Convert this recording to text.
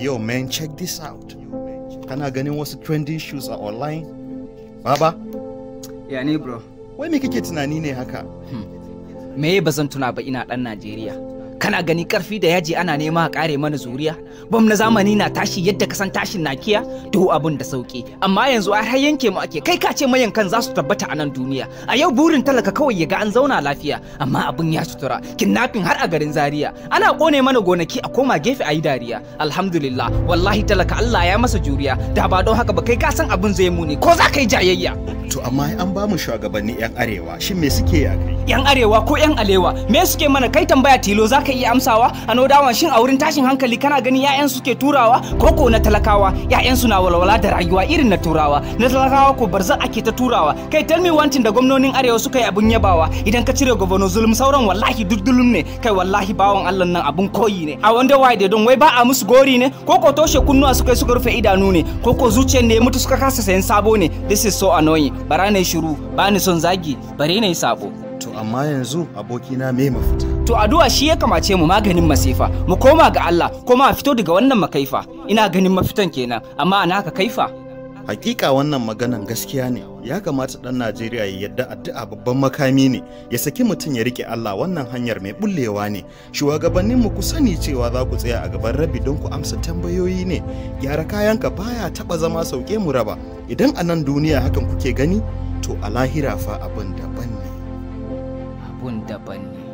Yo, man, check this out. Kana ganin wasu trending shoes a online? Baba? Ya ne, bro. Wai me kake tunani ne haka? Hmm. Me ba zan tuna ba ina ɗan Najeriya. kana gani karfi da yaji ana nema a kare mana zuriya bam na zamani na tashi yadda ka san tashin nakiya to abun da sauki amma yanzu a har yanke mu ake kai ka ce mayan kan za su tabbata a nan duniya a yau burin talaka kawai ya ga an zauna lafiya amma abun ya sutura kidnapping har a garin zaria ana kone mana gonaki a koma gefe a yi dariya alhamdulillah wallahi talaka Allah ya masa juriya da ba don haka ba kai ka san abun zai muni ko za ka yi jayayya to amma an ba mu shugabanni yan arewa shin me suke yi kai yan arewa ko yan alewa me suke mana kai tambaya tilo zaka iya amsawa a no shin a wurin tashin hankali kana gani yayan suke turawa ko ko na talakawa yayan su na walwala da rayuwa irin na turawa na talakawa ko barza ake ta turawa kai tell me wantin da gwamnonin arewa suka yi abun yabawa idan ka cire gwamno zulum sauran wallahi duddulum ne kai wallahi bawan Allah nan abun koyi ne a wanda why they don wai ba a musu gori ne ko ko toshe kunnuwa suka suka rufe idanu ne ko ko zuciyar ne mutu suka kasa sayan sabo ne this is so annoying bara ne shiru ba ni son zagi bare ne sabo to amma yanzu abokina me mafita to addu'a shi ya kamace mu maganin masifa mu koma ga Allah kuma a fito daga wannan makaifa ina ganin mafitan kenan amma ana haka kaifa hakika wannan maganan gaskiya ne ya kamata ɗan najeriya ya yadda addu'a babban makami ne ya saki mutum ya rike allah wannan hanyar mai bullewa ne mu ku sani cewa za ku tsaya a gaban rabi don ku amsa tambayoyi ne gyara kayanka baya taɓa zama sauke mu raba idan a nan duniya hakan kuke gani to a lahira fa abin daban ne kita பண்ணி